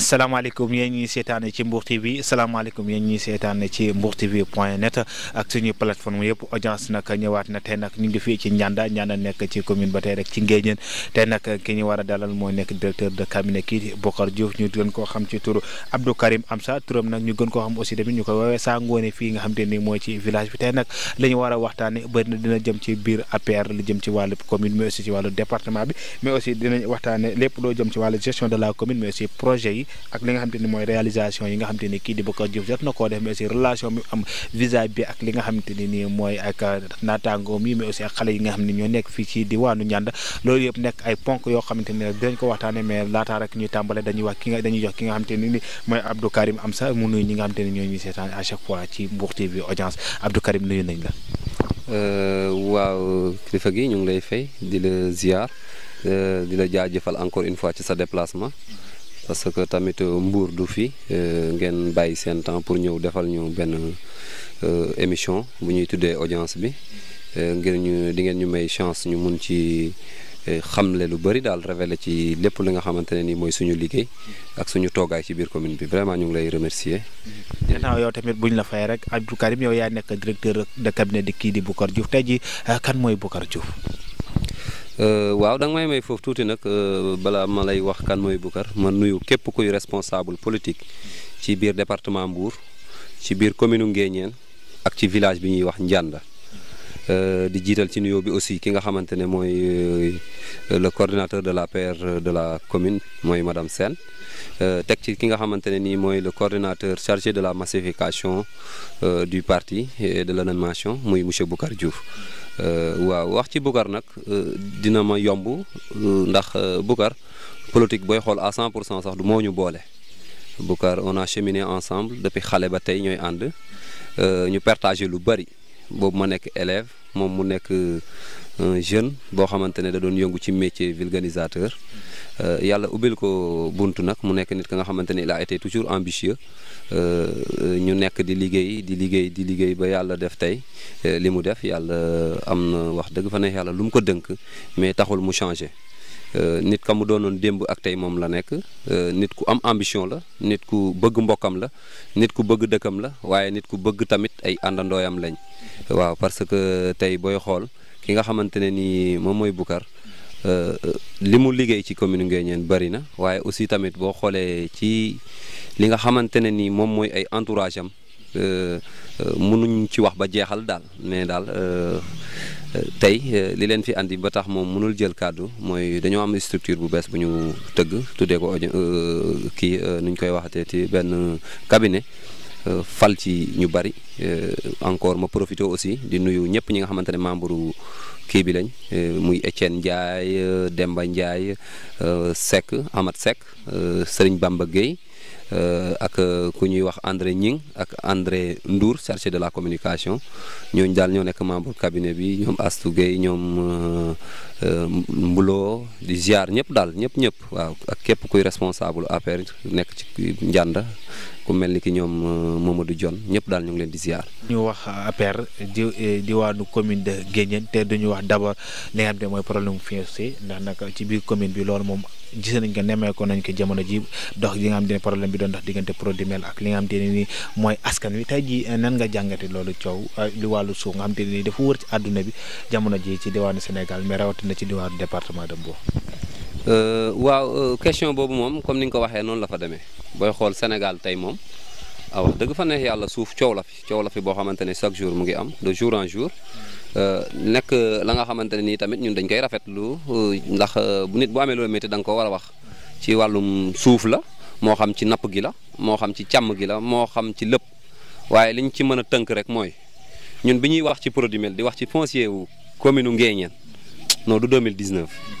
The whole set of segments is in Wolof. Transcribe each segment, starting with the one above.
salaamaaleykum yéen ñuy seetaane ci Mbour TV salaamaaleykum yéen ñuy seetaane ci Mbour TV point net ak suñu plateforme yëpp audience nag ñëwaat na tey nag ñu ngi fii ci ñanda Ndianda nekk ci commune ba tey rek ci Ngéejeen tey nag ki ñu war a dalal mooy nekk directeur de cabinet kii Bokar Diouf ñu gën koo xam ci turu Abdou Karim Amsa turam nag ñu gën ko xam aussi tamit ñu koy woowee saa ngoone fii nga xam te ni mooy ci village bi tey nag la ñu a waxtaane bëri na dina jëm ci biir APR lu jëm ci wàllu commune mais aussi ci wàllu département loo jëm ci wàllu gestion de la yi ak li nga xam te ni mooy réalisation yi nga xam te ni kii di Boucar Diouf jot na koo def mais aussi relation bi am visa bi ak li nga xam te ni nii mooy ak euh, naataangoom yi mais aussi ak xale yi nga xam ne ñoo nekk fii ci diwaanu ñànd loolu yëpp nekk ay ponk yoo xamante ni rek dinañ ko waxtaane mais laataa rek ñuy tàmbale dañuy wax ki nga dañuy jox ki nga xam te mooy Abdou Karim am sa mu nuyu ñi nga xam te ni ñoo ñuy seetaan à chaque fois ci Mbour TV audience Abdou Karim nuyu nañ la euh, waaw kilifa gi ñu ngi lay fay di la ziar euh, di la jaajëfal encore une fois ci sa déplacement parce que tamit euh, mbuur du fi euh, ngeen bàyyi seen temps pour ñëw defal ñu benn euh, émission bu ñuy tuddee audience bi ngir ñu di ngeen ñu may chance ñu mun ci xamle lu bari daal révélé ci lépp li nga xamante ne nii mooy suñu liggéey ak suñu toogaay ci biir commune bi vraiment ñu ngi lay remercier. gannaaw yow tamit bu ñu la fay rek Abdou Karim yow yaa nekk directeur de cabinet di kii di Boucar Diouf te ji kan mooy Boucar Diouf. Euh, waaw da nga may may foofu tuuti nag euh, balaa ma lay wax kan mooy Boucar ma nuyu képp kuy responsable politique ci biir département Mbour ci biir commune Nguéniène ak ci village bi ñuy wax Ndianda euh, di jiital ci nuyo bi aussi ki nga xamante ne mooy le coordinateur de la l'APR de la commune mooy madame sen teg ci ki nga xamante ne nii mooy le coordinateur chargé de la massification du parti de la l'animation muy monsieur Boucar Diouf. Euh, waaw wax ci Boucar nag euh, dina ma yomb euh, ndax Boucar politique booy xool à 100 pour cent sax du moo ñu boole Boucar on a cheminé ensemble depuis xale ba tey ñooy ànd ñu partagé lu bari boobu ma nekk élève moom mu nekk un jeune boo xamante ne da doon yongu ci métier vulganisateur. Euh, yàlla ubbil ko buntu nag mu nekk nit ka nga xamante ni il a été toujours ambitieux euh, ñu nekk di liggéey di liggéey di liggéey ba yàlla def tey euh, li mu def yàlla am na wax dëgg fa ne yàlla lu mu ko dënk mais taxul mu changé. nit ka mu doonoon démb ak tey moom la nekk nit ku am ambition la nit ku bëgg mbokkam la nit ku bëgg dëkkam la waaye nit ku bëgg tamit ay àndandooyam lañ waaw parce que tey booy xool ki nga xamante ne ni moom mooy Boucar Euh, limu mu liggéey ci commune Nguéniène bari na waye aussi tamit bo xolé ci li nga xamantene ni mom moy ay entourage am euh, euh, mënuñ ci wax ba jeexal daal mais euh tay li leen fi andi ba tax mom mënul jël cadeau moy dañu am structure bu bees bu ñu tëgg tuddee ko ki nuñ koy waxatee ci ben cabinet fal ci ñu bari encore ma profiter aussi di nuyu ñepp ñi nga xamantene membre kii bi lañ euh, muy Étienne Ndiaye euh, Demba Ndiaye euh, Seck Amath Seck Serigne Bamba Gueye ak ku ñuy wax André Ñing ak André nduur chargé de la communication ñooñu daal ñoo nekk membre cabinet bi ñoom Astou Gueye ñoom Mbulo di ziar ñëpp daal ñëpp ñëpp waaw ak képp kuy responsable APR nekk ci Ndianda ku mel ni ki ñoom euh, moom du Dione ñëpp daal ñu ngi leen di ziar. ñu wax APR di eh, diwaanu commune de Guédiène te duñu wax d'abord li nga xam te mooy problème ndax nag ci biir commune bi loolu moom gis nañ ko nemmeekoon nañ ko jamono ji dox li nga xam ne problème bi doon dox diggante Prodimel ak li nga xam ne ni mooy askan wi tey ji eh, nan nga jàngate loolu coow eh, li wàllu suuf nga xam te ne ni dafa wër ci àdduna bi jamono ji ci diwaanu Sénégal mais rawatina ci diwaanu département de Mbour Euh, waaw euh, question boobu moom comme ni nga ko waxee noonu la fa demee booy xool Sénégal tey moom ah dëgg fa neex yàlla suuf coow la fi boo xamante ne chaque jour mu ngi am de jour en jour euh, nekk la nga xamante ne nii tamit ñun dañ koy rafetlu ndax bu nit bu amee loolu métti da ko war a wax ci wàllum suuf la moo xam ci napp gi la moo xam ci càmm gi la moo xam ci lépp waaye liñ ci mën a tënk rek mooy ñun bi ñuy wax ci produit mel di wax ci foncier wu commune u Nguéniène non du 2019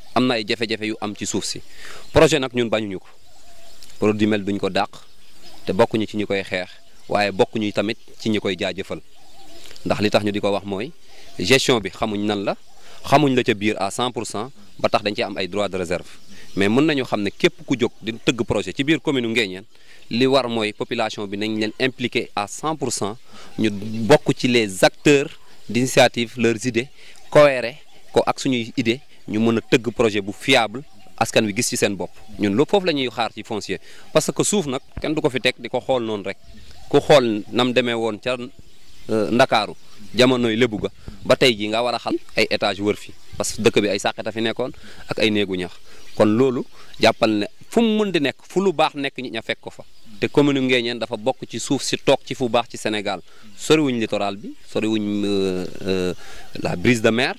Il ay jafé jafé yu projet nak ñun ñuko projet produit mel duñ ko ci tamit ci ndax li tax ñu wax gestion bi xamuñ nan la xamuñ la à 100 ba tax dañ ci de réserve mais mën nañu képp ku projet ci biir commune population bi à 100 les acteurs d'initiative leurs idées cohérents ko ak idée ñu mën a tëgg projet bu fiable askan wi gis ci seen bopp ñun loolu foofu la ñuy xaar ci foncier parce que suuf nag kenn du ko fi teg di ko xool noonu rek ku xool nam demee woon ca euh, ndakaaru jamonoy lébu ga ba tey jii nga war a xal ay étage wër fi parce que dëkk bi ay sàqeta fi nekkoon ak ay néegu ñax kon loolu jàppal ne fu mu mën di nekk fu lu baax nekk ñi ña fekk ko fa te commune Nguéniène dafa bokk ci suuf si toog ci fu baax ci Sénégal soriwuñ littoral bi soriwuñ euh, euh, la brise de mer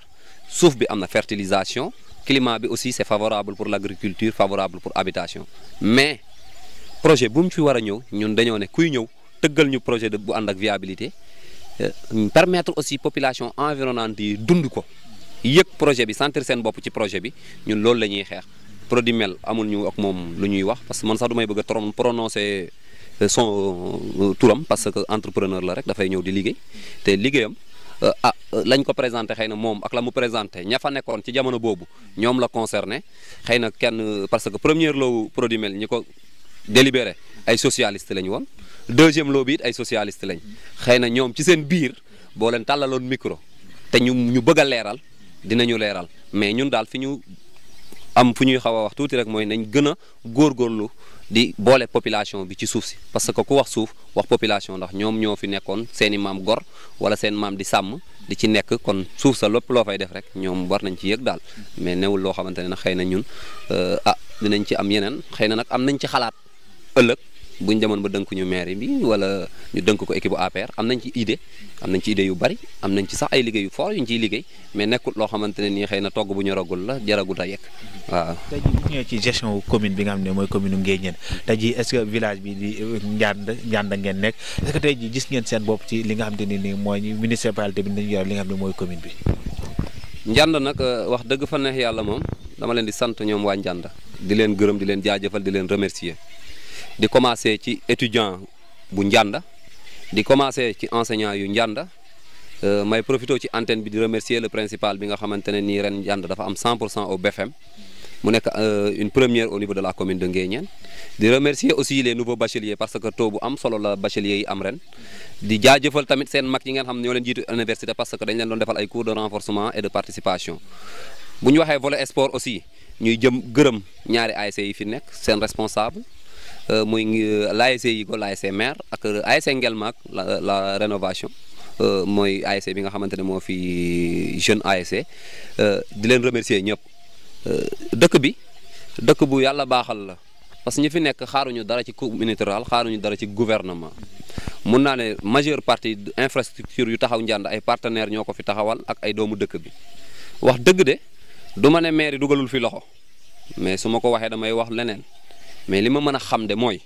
Sauf bi amna fertilisation climat bi aussi c'est favorable pour l'agriculture favorable pour l'habitation. mais projet bu mu fi wara ñew ñun dañoo ne kuy ñew ñu projet de bu and ak viabilité euh, permettre aussi population environnante di dund ko yek projet bi sentir sen bop ci projet bi ñun lool la xex xeex produit mel amul ñu ak mom lu ñuy wax parce que man sax du may bëgg prononcer euh, son euh, touram parce que entrepreneur la rek fay ñew di te liggéeyam Euh, ah euh, lañ ko présenté xëy na moom ak la mu présenté ña fa nekkoon ci jamono boobu ñoom la concerné xëy na kenn parce que première loowu produit mel ñi ko délibéré ay socialiste lañ woon deuxième loo bi ay socialiste lañ xëy na ñoom ci seen biir boo leen tàllaloon micro te ñu ñu bëgg a leeral ñu leeral mais ñun daal fi ñu am fu ñuy xaw a wax tuuti rek mooy nañ gën a góorlu di boole population bi ci suuf si parce que ku wax suuf wax population ndax ñoom ñoo fi nekkoon seen i maam gor wala seen maam di sàmm di ci nekk kon suuf sa lépp loo fay def rek ñoom war nañ ci yëg daal mais newul loo xamante ne nag xëy na ñun euh, ah dinañ ci am yeneen xëy na nag am nañ ci xalaat ëllëg. buñ demoon ba dënk ñu maire bi wala ñu dënk ko équipe bu am nañ ci idée am nañ ci idée yu bari am nañ ci sax ay liggéey yu fort yuñ ciy liggéey mais nekkul loo xamante ne nii xëy na togg bu ñoragul la jaragul a yegg ci gestion commune bi nga xam ne mooy commune Nguéniène tey jii est-ce bi di euh, Ndianda Ndianda ngeen nekk est tey jii gis ngeen bopp ci li nga xam ne nii mooy municipalité bi nañu yor li nga xam ne mooy commune bi. nag euh, wax dëgg fa neex yàlla moom dama leen di sant ñoom waa Ndianda di leen gërëm di leen jaajëfal di leen remercier di commencer ci étudiant bu Ndianda di commencer ci enseignant yu Ndianda euh, may profito ci antenne bi di remercier le principal bi nga xamantene ni ren Ndianda dafa am 100 au BFM mu euh une première au niveau de la commune de Nguéniène di remercier aussi les nouveaux bacheliers parce que taux bu am solo la bachelier yi am ren di jaajëfal tamit sen mak yi nga xam ne ñoo leen jiitu université parce que dañ leen doon defal ay cours de renforcement et de participation buñ waxé waxee volet sport aussi ñuy jëm gëreum ñaari ASC e yi fi nek sen responsable Euh, muy euh, l'ASC yi ko l'ASC maire ak euh, ASC Ngelmaak la la rénovation mooy ASC bi nga xamante ne moo fi jeune ASC di leen remercier ñëpp dëkk bi dëkk bu yàlla baaxal la parce que ñu fi nekk xaaruñu dara ci communauté rurale xaaruñu dara ci gouvernement mun naa ne majeure partie infrastructure yu taxaw njànd ay partenaires ñoo ko fi taxawal ak ay doomu dëkk bi wax dëgg de du ma ne maire yi dugalul fi loxo mais su ma ko waxee damay wax leneen. mais li ma mën a xam de mooy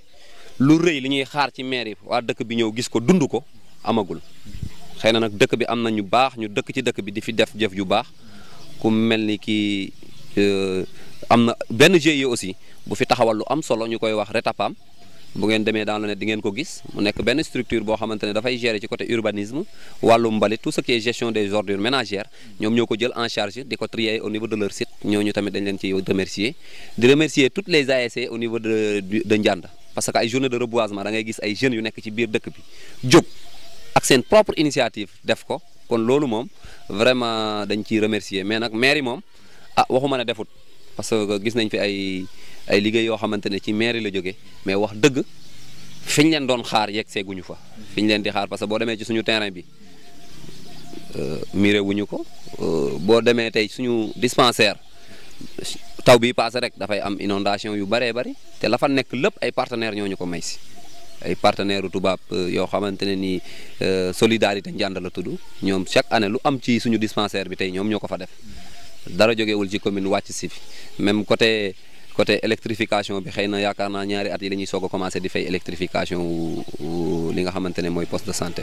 lu rëy li ñuy xaar ci maire yi waa dëkk bi ñëw gis ko dund ko amagul xëy na nag dëkk bi am na ñu baax ñu dëkk ci dëkk bi di fi def jëf ju baax ku mel ni kii euh, am na benn GIE aussi bu fi taxawal lu am solo ñu koy wax retapam bu ngeen demee dans le net di ngeen ko gis mu nekk benn structure boo xamante ne dafay gérer ci côté urbanisme wàllum mbalit tout ce qui est gestion des ordures ménagères ñoom ñoo ko jël en charge di ko trier au niveau de leur site ñooñu tamit dañ leen ci remercier di remercier toutes les ASC e au niveau de de Ndianda parce que ay journée de reboisement da ngay gis ay jeunes yu nekk ci biir dëkk bi jóg ak seen propre initiative def ko kon loolu moom vraiment dañ ciy remercier mais nag maire yi moom ah waxuma ne defut parce que gis nañ fi ay ay liggéey yoo xamante ne ci mairie la jóge mais wax dëgg fiñ leen doon xaar yegg seeguñu fa fiñ leen di xaar parce que boo demee ci suñu terrain bi euh, mire wuñu ko euh, boo demee tey suñu dispensaire taw bi paase rek dafay am inondation yu bëree bari te la fa nekk lépp ay partenaires ñoo ñu ko may si ay partenaires tubaab euh, yoo xamante ne ni solidarité njànd la tudd ñoom chaque année lu am ci suñu dispensaire bi tey ñoom ñoo ko fa def dara jógewul ci commune wàcc si côté électrification bi xëy na yaakaar naa ñaari at yi la ñuy soog a commencé di fay électrification wu li nga xamante ne mooy poste de santé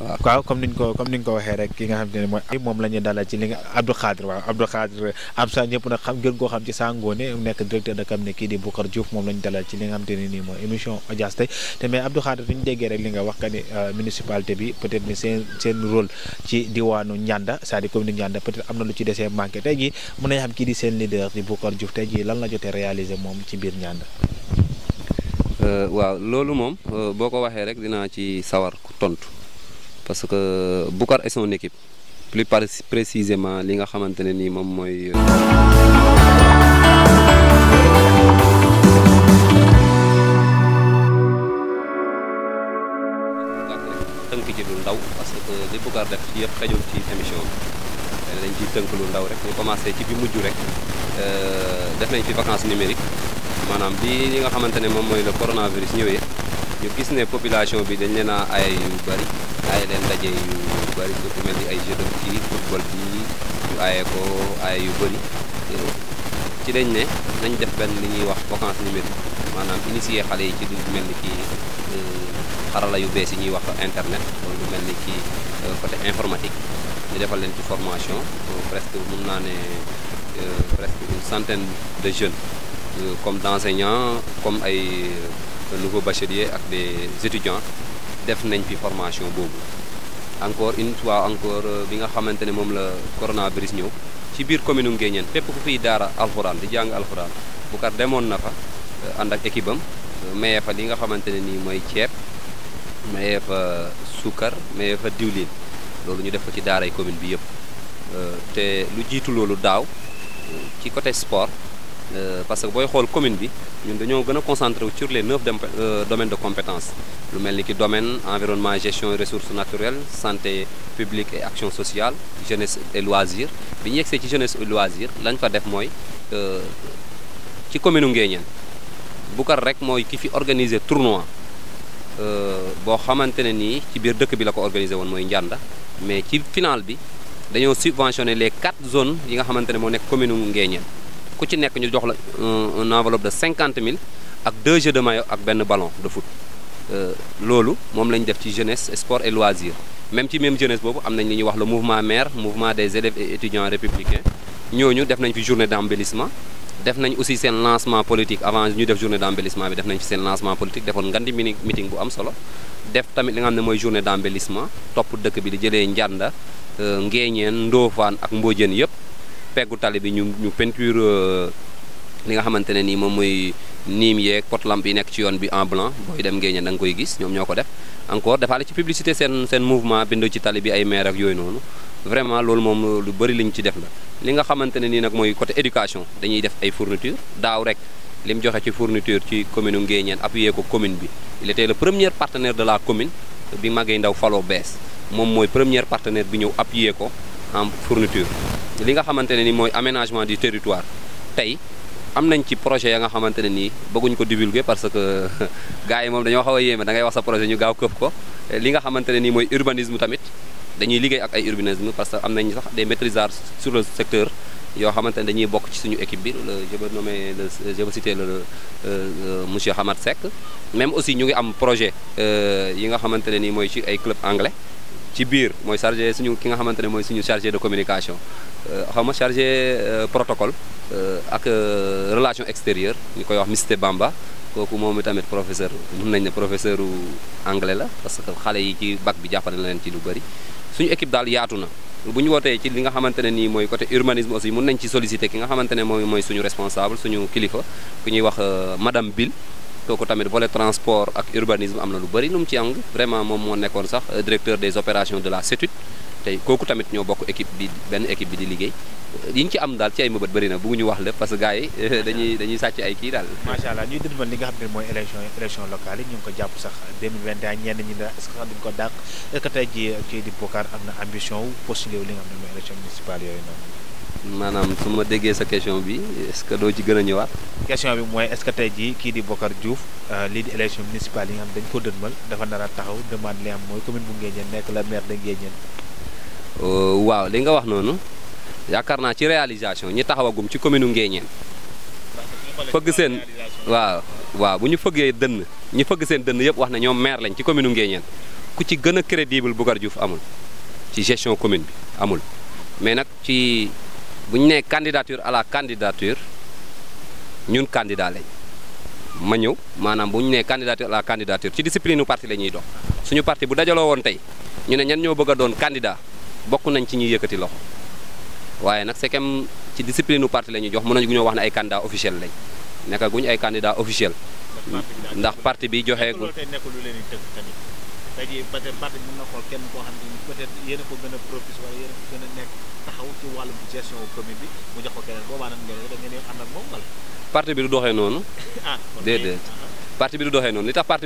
waaw comme niñ ko comme niñ ko waxee rek ki nga xam te ne mooy moom la ñuy dalal ci li nga Abdou Khadir waaw Abdou Khadir Absa ñëpp nag xam gën koo xam ci Sangone nekk directeur de cabinet kii di Boucar Diouf moom la ñu dalal ci li nga xam te ne nii mooy émission audience tey te mais Abdou Khadir ñu déggee rek li nga wax ka ni euh, municipalité bi peut être ni seen seen rôle ci diwaanu Ndianda c'est-à-dire commune Ndianda peut être am na lu ci desee manqué tey jii mën nañ xam kii di seen leader di tey jii lan la jotee réaliser moom ci biir Ndianda euh, waaw loolu moom euh, boo ko waxee rek dinaa ci sawar tontu parce que Boucar est son équipe plus précisément li nga xamante ne nii moom mooy. Euh, ci lu ndaw parce que li Boucar def ci yëpp xëjul ci émission euh, dañ ciy tënk lu ndaw rek commencé ci bi mujj rek euh, def nañ fi vacance numérique bi li nga le coronavirus ñu gis ne population bi dañ leen a ay yu bëri ay leen daje yu bëri pour ku mel ni ay jeux de football bii ñu aaye ko ay yu bëri ci lañ ne nañ def benn li ñuy wax vacance numérique maanaam initier xale yi ci lu mel ni kii euh, xarala yu bees yi ñuy wax internet wala lu mel ni kii euh, côté informatique ñu defal leen ci formation euh, presque mun naa ne presque une centaine de jeunes comme d'enseignants comme ay. nouveau bachelier ak des étudiants def nañ fi formation boobu encore une fois encore euh, bi nga xamante ne moom la coronavirus ñëw ci biir commune Nguéniène fépp ku fiy daara alxuraan di jàng alxuraan Boucar demoon na fa euh, ànd ak équipe am euh, mayee fa li nga xamante ne nii mooy ceeb mayee fa suukar mayee fa diwlin loolu ñu def ko ci daaray commune bi yëpp te lu jiitu loolu daaw ci côté sport Euh, parce que booy la commune nous ñun nous sur les neuf euh, domaines de compétences. le même ki domaine environnement gestion ressources naturelles santé publique et action sociale jeunesse et loisirs bi ñu yegsee ci jeunesse et loisirs lañ fa def mooy euh, ci commune Nguéniène Boucar rek qui ki fi organiser tournoi boo xamante ne ci dëkk bi la ko organiser woon mais ci final nous avons subventionné les quatre zones qui nga xamante nous. commune ku ci une un enveloppe de 50 000 ak deux jeux de maillot ak benn ballon de foot euh, loolu moom la def ci jeunesse sport et loisir même ci même jeunesse boobu am nañ le mouvement maire mouvement des élèves et étudiants républicains Nous, def nañ fi journée d'embellissement def nañ aussi un lancement politique avant ñu def journée d'embellissement bi def nañ fi lancement politique defoon ngandi grand meeting bu am solo def tamit li nga xam ne journée d'embellissement topp dëkk bi di jëlee Njanda euh, Ngeeñeen fait ak journée yëpp peggu tali bi ñu ñu peinture euh, li nga xamante ne nii moom mooy niim yeeg pot lamp yi nekk ci yoon bi en blanc booy dem ngee da nga koy gis ñoom ñoo ko def encore defaale ci publicité seen seen mouvement bindoo ci tali bi ay maire ak yooyu noonu vraiment loolu moom euh, lu bëri liñ ci def la li nga xamante ne nii nag mooy côté éducation dañuy def ay fourniture daaw rek li mu joxe ci fourniture ci commune u Nguéniène appuyé ko commune bi il était partenaire de la commune bi Magueye Ndaw faloo bees moom mooy premier partenaire bi ñëw appuyé ko en fourniture li nga xamante ne ni mooy aménagement du territoire tey am nañ ci projet ya nga xamante ne nii bëgguñ ko divulguer parce que gars yi moom dañoo xaw a yéeme dangay ngay wax sa projet ñu gaaw këpp ko li nga xamante ne nii mooy urbanisme tamit dañuy liggéey ak ay urbanisme parce que am nañ sax des maîtrisards sur le secteur yoo xamante ne dañuy bokk ci suñu équipe bi je vais nommer le je vais citer le euh, monsieur Hamad Seck même aussi ñu ngi am projet euh, yi nga xamante ne nii mooy ci ay club anglais ci biir mooy chargé suñu ki nga xamante ne mooy suñu chargé de communication euh, xaw ma chargé euh, protocole euh, ak relation extérieure ñu koy wax Mister Bamba kooku moom tamit professeur mun nañ ne professeur anglais la parce que xale yi ci bac bi jàppale na leen ci lu bëri suñu équipe daal yaatu na bu ñu wootee ci li nga xamante ne nii mooy côté urbanisme aussi mun nañ ci solliciter ki nga xamante ne mooy mooy suñu responsable suñu kilifa ku ñuy wax madame Bill kooku tamit volet transport ak urbanisme amna lu bari num ci am vraiment mom mo nekkoon sax euh, directeur des opérations de la CETUD tay kooku tamit ñoo bokk équipe bi ben équipe bi di liggéey euh, yiñ ci am dal ci ay mëbët bari na ñu wax le parce que gaay yi euh, dañuy dañuy sàcc ay kii daal. macha allah ñuy dëdmal li nga xam moy élection élection locale yi ñu ko japp sax 2021 ñen ñi la est-ce que xam duñ ko dakk est-ce que tey jii kii di Bokar amna ambition wu postuler li nga xam moy élection municipale yooyu noonu. maanaam su ma déggee sa question bi est-ce doo ci gën a ñëwaat. question bi mooy est-ce que tey jii kii di Bokar Diouf euh, lii di élection municipale yi nga xam dañ ko dënmal dafa nar a taxaw demande li am mooy commune bu Nguéniène nekk la maire de Nguéniène. Euh, waaw li nga wax noonu yaakaar naa ci réalisation ñi taxawagum ci commune Nguéniène. fëgg seen waaw waaw bu ñu fëggee dënn ñu fëgg seen dënn yëpp wax ne ñoom maire lañ ci commune Nguéniène ku ci gën a crédible Bokar amul ci gestion commune bi amul bu ñu nee candidature à la candidature ñun candidat lañ ma ñëw maanaam bu ñu nee candidature à la candidature ci discipline parti la ñuy dox suñu parti bu dajaloo woon tey ñu ne ñan ñoo bëgg a doon candidat bokk nañ ci ñuy yëkkati loxo waaye nag sekem ci discipline u parti la ñuy jox mën nañu ñoo wax ne ay candidat officiel lañ ñu ay candidat officiel ndax parti bi joxeegu tey jii peut être parti mën na xool kenn koo xam ne a ko gën a propice wala yéen a ko a nekk taxaw bi ak moom wala parti bi du doxee noonu ah uh-huh. li tax parti bi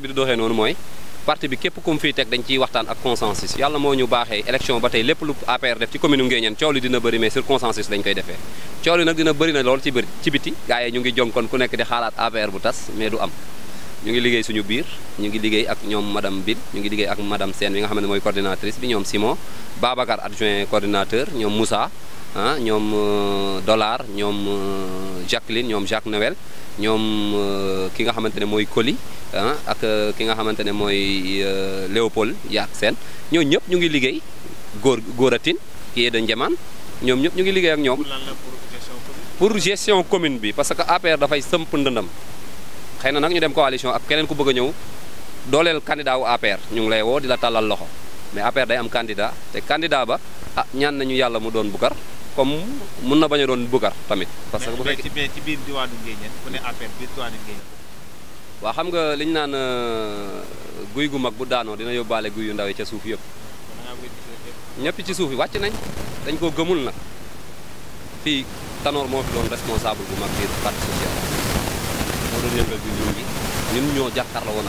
du doxee noonu mooy parti bi képp ku mu teg dañ ciy waxtaan ak consensus yàlla moo ñu baaxee élection ba tey lépp lu APR def ci commune Nguéniène coow li dina bëri mais sur consensus lañ koy defee coow li nag dina bëri na lool ci bëri ci biti gars ñu ngi jonkoon ku nekk di xaalaat APR bu tas mais du am ñu ngi liggéey suñu biir ñu ngi liggéey ak ñoom madame Bill ñu ngi liggéey ak madame seen bi nga xam ne mooy coordinatrice bi ñoom Simon Babacar adjoint coordinateur ñoom Moussa ah ñoom euh, Dollar ñoom euh, Jacqueline ñoom Jacques Noël ñoom euh, ki nga xamante ne mooy Coly ah ak ki nga xamante ne mooy Léopold Yaak seen ñoo ñëpp ñu ngi liggéey góor góoratin kii yee da njamaan ñoom ñëpp ñu ngi liggéey ak ñoom pour gestion commune bi parce que APR dafay sëmp ndëndam xeyna na ñu dem coalition ak keneen ku bëgg a ñëw dooleel candidat wu APR ñu ngi lay wo di la talal loxo mais APR day am candidat te candidat ba ah ñaan nañu yalla mu doon bukar comme mun na bañ doon bukar tamit. parce que bu ci bi ci biir diwaanu Nguéniène ku ne APR biir diwaanu ngeen wa xam nga liñ naan euh, guuy gu mag bu daano dina yobale guuy yu ndaw ci suuf yëpp. ñepp ci suuf yi nañ dañ ko gëmul nak fi Tanor mo fi doon responsable bu mag biir parti social première vague bi ñëw gi ñun ñoo jàkkaarloo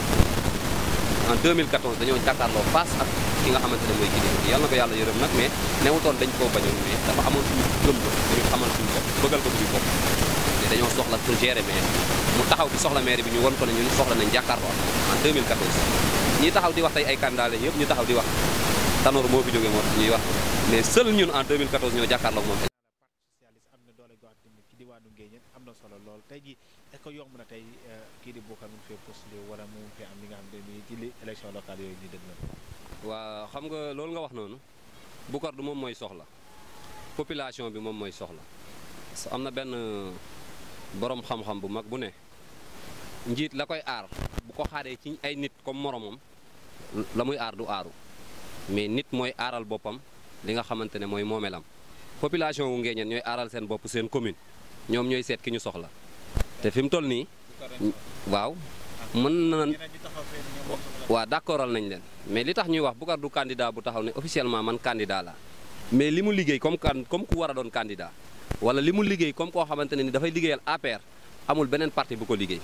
dañoo jàkkaarloo face ki nga xamante ne mooy kilifa bi yàlla na ko yàlla yërëm nag mais newutoon dañ koo bañoon mais dafa la mu taxaw bi soxla maire bi ñu won ko ne ñun soxla nañ jàkkaarloo ak en ñi taxaw di wax tey ay candidat lañ yëpp ñu taxaw di wax Tanor moo fi jógee moo tax ñuy wax mais seul ñun am na doole goo xam ne ci tey est-ce yomb na tey euh, kii di Boucar mu fee postulé wala mu fee am li nga xam ne nii ci li élection locale yooyu ñu dëgg na xam nga loolu nga wax noonu Boucar du moom mooy soxla population bi moom mooy soxla am na benn euh, borom xam bu mag bu ne njiit la koy aar bu ko xaaree ci ay nit comme moromam la muy aar du aaru mais nit mooy aaral boppam li nga xamante ne mooy moomelam population wu ngeen ñooy aaral seen bopp seen commune ñoom ñooy seet ki ñu soxla te fim mu toll nii waaw mën nañ waaw d' nañ len mais li tax ñuy wax Boucar du candidat bu taxaw ne officiellement man candidat la mais limu liggey comme kan comme ku wara don candidat wala limu liggey comme ko xamanteni ni da fay liggeyal APR amul benen parti bu ko liggey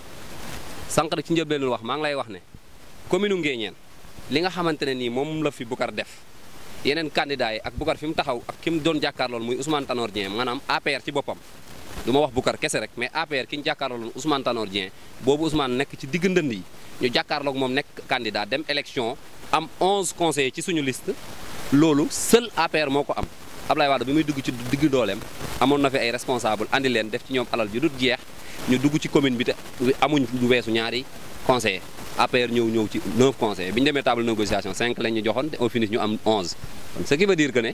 sank rek ci njëlbeenul wax ma ngi lay wax ne commune ngeñen li nga xamanteni ni mom la fi bu def yenen candidat yi ak bu fi fim taxaw ak kim don jakar jàkkaarlool muy Ousmane Tanor Dieng manam APR ci bopam du ma wax Boucar kese rek mais APR ki ñu jàkkaarloon Ousmane Tanor Dieng boobu Ousmane nekk ci digg ndënd yi ñu jàkkaarloog moom nekk candidat dem élection am 11 conseillers ci suñu liste loolu seul APR moo ko am Ablaye Wade bi muy dugg ci digg dooleem amoon na fi ay responsable andi leen def ci ñoom alal ju dul jeex ñu dugg ci commune bi te amuñ lu weesu ñaari conseil APR ñëw ñëw ci 9 conseillers bi ñu demee table négociation cinq lañ ñu joxoon te ñu am 11 ce qui ne.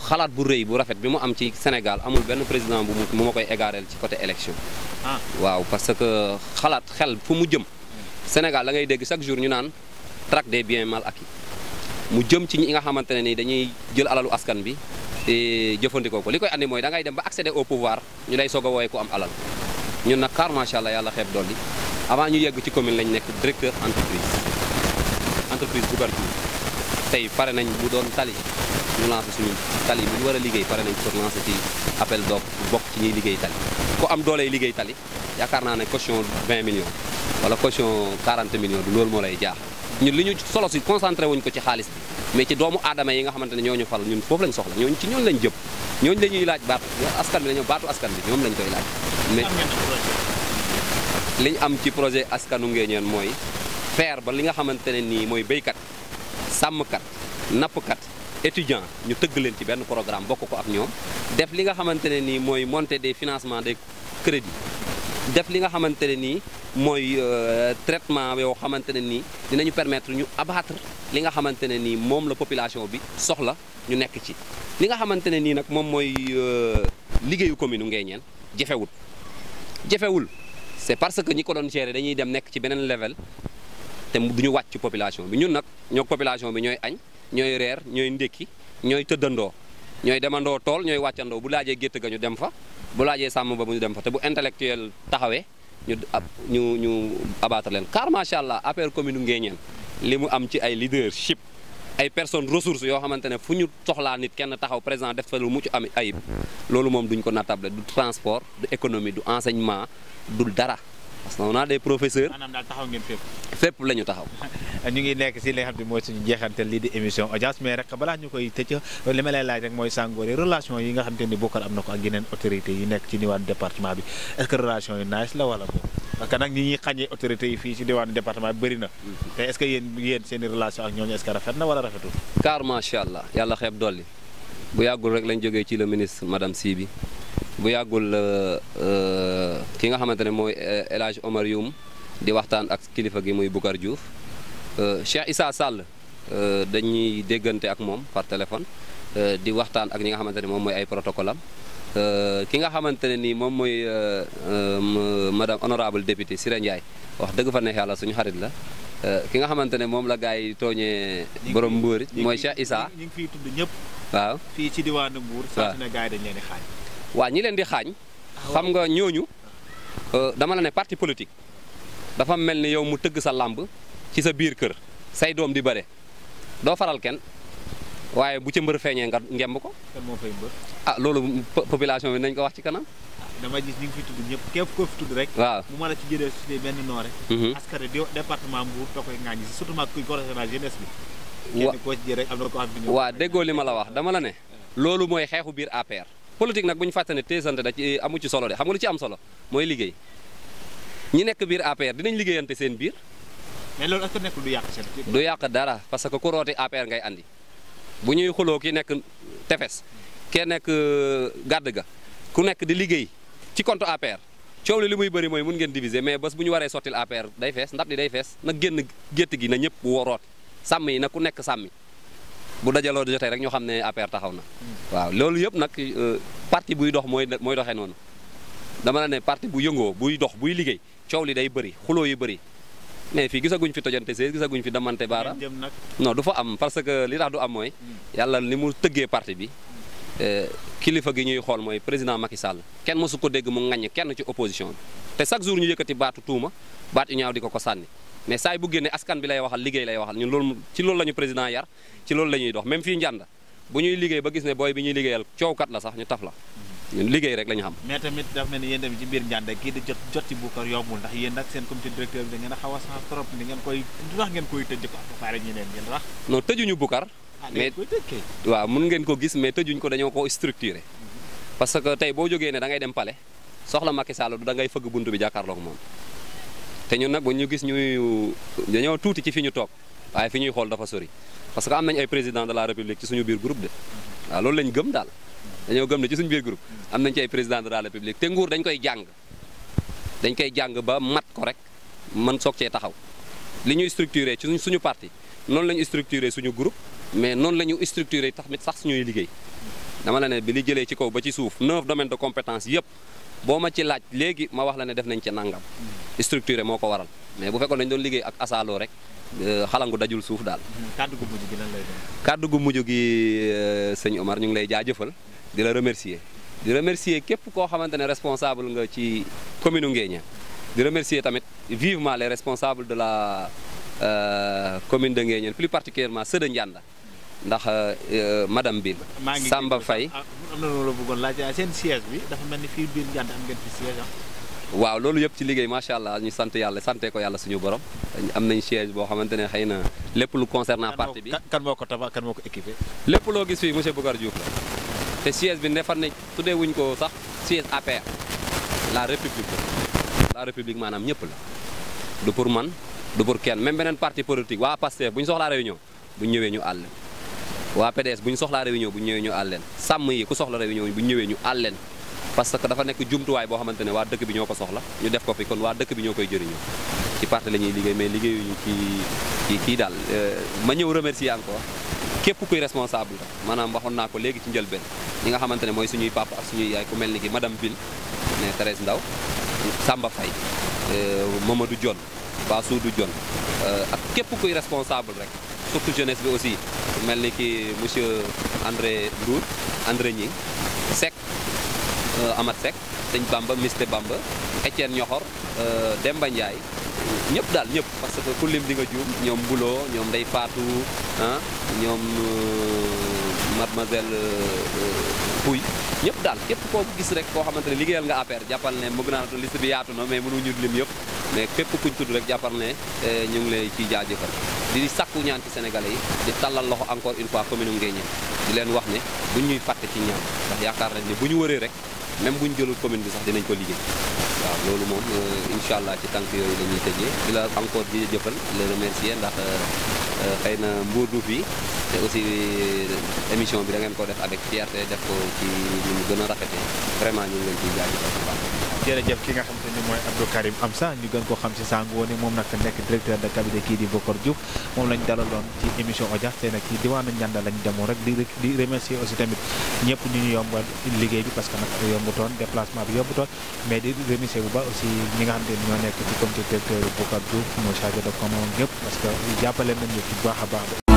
xalaat bu rëy bu rafet bi mu am ci Sénégal amul benn président bu mu ma koy égareel ci côté élection ah. waaw parce que xalaat xel fu mu jëm Sénégal da ngay dégg chaque jour ñu naan traque des biens mal acquis mu jëm ci ñi nga xamante ne ni dañuy jël alalu askan bi jëfandikoo ko li koy andi mooy dangay dem ba accéder au pouvoir ñu lay soog a wooye ku am alal ñun na car macha allah yàlla xeeb dolli avant ñu yegg ci commune lañu nekk directeur entreprise entreprise bu tey pare nañ bu ñu suñu tali bi ñu war a liggéey pare nañ pour lancer ci appel donc bokk ci ñuy liggéey tali ko am doole liggéey tali yaakaar naa ne caution 20 millions wala caution 40 millions du loolu moo lay jaax ñun li ñu solo si concentré wuñ ko ci xaalis bi mais ci doomu aadama yi nga xamante ne ñooñu fal ñun foofu lañ soxla ñooñu ci ñoom lañ jëm ñooñu la ñuy laaj baatu askan bi la baatu askan bi ñoom lañ koy laaj mais li ñu am ci projet askanu Nguéniène mooy faire ba li nga xamante ne nii mooy béykat sàmmkat nappkat étudiants ñu tëgg leen ci benn programme bokk ko ak ñoom def li nga xamante ne nii mooy montée des financements des crédits def li nga xamante ne nii mooy euh, traitement yoo xamante ne nii dinañu permettre ñu abattre li nga xamante ne nii moom la population bi soxla ñu nekk ci. li nga xamante ne nii nag moom mooy euh, liggéeyu commune ñeen jafewul jafewul c'est parce que ñi ko doon gérer dañuy dem nekk ci beneen level te du ñu wàcc population bi ñun nag ñoo population bi ñooy añ. ñooy reer ñooy ndékki ñooy tëddandoo ñooy demandoo tool ñooy wàccandoo bu laajee gétt ga ñu dem fa bu laajee sàmm ba mu ñu dem fa te bu intellectuel taxawee ñu ñu ñu abattre leen car macha allah affaire commune ngee Nguéniène li mu am ci ay leadership ay personnes ressources yoo xamante ne fu ñu soxlaa nit kenn taxaw président def fa lu mu mucc ami ayib loolu moom duñ ko natable du transport du économie du enseignement dul dara parce que on a des professeurs. maanaam daal taxaw ngeen fépp. fépp ñu taxaw. ñu ngi nekk si li nga xam ne mooy suñu jeexantal lii di émission audience mais rek balaa ñu koy tëj li ma laaj rek mooy Sangoore relation yi nga xam te ni bokkal am na ko ak yeneen autorités yi nekk ci diwaanu département bi est-ce que relation yi nice la wala boobu. parce nag ñi ñuy xàññee yi fii ci diwaanu département bi bëri na. Mhm. te est-ce que yéen seen relation ak ñooñu est-ce que rafet na wala rafetul. car macha allah yàlla xeeb dolli ci le ministre madame Sy bu yagul euh ki nga xamantene moy mooy e, Omar Youm di waxtan ak kilifa gi moy Boucar Diouf e, Cheikh Issa Sall euh dañuy déggante ak mom par téléphone euh di waxtan ak ñi nga xamantene mom moy ay protocole euh ki nga xamantene ni mom moy euh madame honorable député sire Ndiaye wax deug fa neex yalla suñu xarit la ki nga xamantene mom la gaay yi borom Mbuur moy Cheikh Issa ñing fi tuddu ñep waaw fi ci diwanu Mbuur sa su ne gars dañ leen di xaaj waa ñi leen di xaañ xam nga ñooñu euh, dama la ne parti politique dafa mel ni yow mu tëgg sa làmb ci sa biir kër say doom di bare doo faral kenn waaye bu ci mbër feeñee nga ngemb ko. kan moo fay mbër. ah loolu population bi nañ ko wax ci kanam. Ah, dama gis ñu ngi fi tudd ñëpp képp koo bu ma la ci jëlee su benn noore. Mhm. askan wi département Mbour tooke ngaa ñu si surtout ma kuy correctionnal bi. wa kenn koo ci jëlee rek am na koo déggoo li ma la wax dama la ne. loolu mooy xeexu biir APR. politique nag bu ñu fàtte ne téesante da ci eh, amu ci solo de xam nga lu ci am solo mooy liggéey ñi nekk biir APR dinañ liggéeyante seen biir. mais loolu est du yàq seen du yàq dara parce que ku rooti APR ngay andi bu ñuy xuloo ki nekk tefes kee nekk euh, gàdd ga ku nekk di liggéey ci compte APR coow li li muy bëri mooy mun ngeen diviser mais bés bu ñu waree sottil APR day fees ndab li day fees na génn gétt gi na ñëpp woroot sàmm yi nag ku nekk sàmmi bu dajaloo jotee rek ñoo xam ne APR taxaw na. Hmm. waaw loolu yëpp nag euh, parti buy dox mooy mooy doxee noonu dama la ne parti bu yëngoo buy dox buy liggéey coow li day bëri xuloo yi bëri mais fii gisaguñ fi tojante see gisaguñ fi damante baara non du fa am parce que li tax du am mooy hmm. yàlla ni mu tëggee parti bi hmm. euh, kilifa gi ñuy xool mooy président Macky Sall kenn mosu ko dégg mu kenn ci opposition bi te chaque jour ñu yëkkati baatu tuuma baat yu ñaaw di ko ko sànni mais bu askan bi lay waxal liggéey lay waxal ñun loolu ci loolu la ñu président yar ci loolu la ñuy dox même fii njànd bu ñuy liggéey ba gis ne boy bi ñuy liggéeyal kat la sax ñu taf la ñun liggéey rek lañu xam mais tamit daf mel ni yéen tamit ci biir ñande ki di jot jot ci bu buukar yombul ndax yeen nak seen comité directeur bi ngeen xawa sax trop ni ngeen koy ndax ngeen koy tejj ko pare ñi ñeneen ngeen wax non tejju tëjuñu buukar ah, mais wa mën ngeen ko gis mais tëjuñ ko dañoo ko structurer mhm. parce que tay bo joggé ne da ngay dem palais soxla Macky Sall da ngay fëgg buntu bi jakarlo ak mom té ñun nak bu ñu gis ñuy dañoo tuuti ci fiñu tok waye fiñuy xol dafa sori parce que am nañ ay président de la république ci suñu biir groupe de waaw loolu lañ gëm daal dañoo gëm ne ci suñu biir groupe am nañ ci ay président de la république te nguur dañ koy jàng dañ koy jàng ba mat ko rek man soog cee taxaw li ñuy structuré ci suñu parti noonu la ñu structuré suñu groupe mais noonu la ñu structuré tamit sax suñuy liggéey dama la ne bi li jëlee ci kaw ba ci suuf neuf domaines de compétence yëpp boo ma ci laaj léegi ma wax la ne def nañ ci nangam structuré moo ko waral mais bu fekkoon dañ doon liggéey ak asaaloo rek Euh, xalangu dajul suuf daal. Mm-hmm. kàddu gu mujj gi nan lay euh, ñu ngi lay jaajëfal di la remercier di remercier képp koo xamante ne responsable nga ci commune Nguéniène di remercier tamit vivement les responsable de la euh, commune de Nguéniène plus particulièrement ceux de Ndianda ndax madame Bill Samba Faye ah, bi dafa mel ni fii biir Ndianda am ngeen fi siège ah? waaw loolu yëpp ci liggéey macha allah ñu sant yàlla sante ko yàlla suñu borom am nañ siège boo xamante ne xëy na lépp lu concernant parti bi kan moo ko tabax kan moo ko équipé lépp loo gis fii monsieur Boucar Diouf la te chaise bi defar nañ tuddee wuñ ko sax siège APR la république la république maanaam ñëpp la du pour man du pour kenn même beneen parti politique waa Pastef bu ñu soxlaa réunion bu ñu ñëwee ñu àll waa PDS bu ñu soxlaa réunion bu ñëwee ñu àlleen sàmm yi ku soxla réunion bu ñu ñëwee ñu àlleen parce que dafa nek jumtuway bo xamantene ne waa dëkk bi ñoko soxla ñu def ko fi kon wa dëkk bi ñokoy jëriñu ci parti lañuy liggéey mais yu ci kii kii daal euh, ma ñew remercier encore képp kuy responsable manam waxon nako légui ci ñël ci yi nga xamantene ne suñuy papa ak suñuy yaay ku melni ki madame Bill ne Thérèse Ndaw Samba euh Mamadou Dion Bassoudou Dion euh, ak képp kuy responsable rek surtout jeunesse bi aussi melni ni ki monsieur André Ndour André Ñing sec Euh, amat Seck sëñ Bamba Misté Bamba Étienne Ñoxor euh, Demba Ndiaye ñëpp daal ñëpp parce que ku lim di nga juum ñoom Mbulo ñoom Ndey Faatu ah ñoom euh, mademoiselle Pouy ñëpp daal képp koo gis rek koo xamante ne liggéeyal nga APR jàppal ne bëgg naa liste bi yaatu na mais mënuñu lim yëpp mais képp kuñ tudd rek jàppal ne ñu ngi lay ciy jaajëfal di sakku ñaan ci Sénégalais yi di tallal loxo encore une fois commune Nguéniène di leen wax ne bu ñuy fàtte ci ñaan ndax yaakaar nañ ne bu ñu wëree rek même bu jëlul commune bi sax dinañ ko liggéey waaw loolu moom euh, incha allah ci tànk yooyu la ñuy tëjee di la encore di jëfal le remercier ndax euh, euh, xëy na mbuur du te aussi émission bi da ngeen ko def avec fierté def ko ci ñu gëna rafété vraiment ñu ngi leen ciy jaajëfal bu baax jërëjëf ki nga xam ne mooy Abdou Karim am sa ñu gën ko xam ci sàngu woon moom nag nekk directeur de cabinet kii di Bokor Diouf moom lañ dalaloon ci émission Odia te nag ci diwaanu Ndianda lañ demoon rek di di remercier aussi tamit ñëpp ñu ñu yombal liggéey bi parce que nag yombutoon déplacement bi yombutoon mais di remercier bu ba aussi ñi nga xam ne ñoo nekk ci comité directeur Bokor Diouf moo chargé de commande ñëpp parce que jàppale nañ ñu ci baax a baax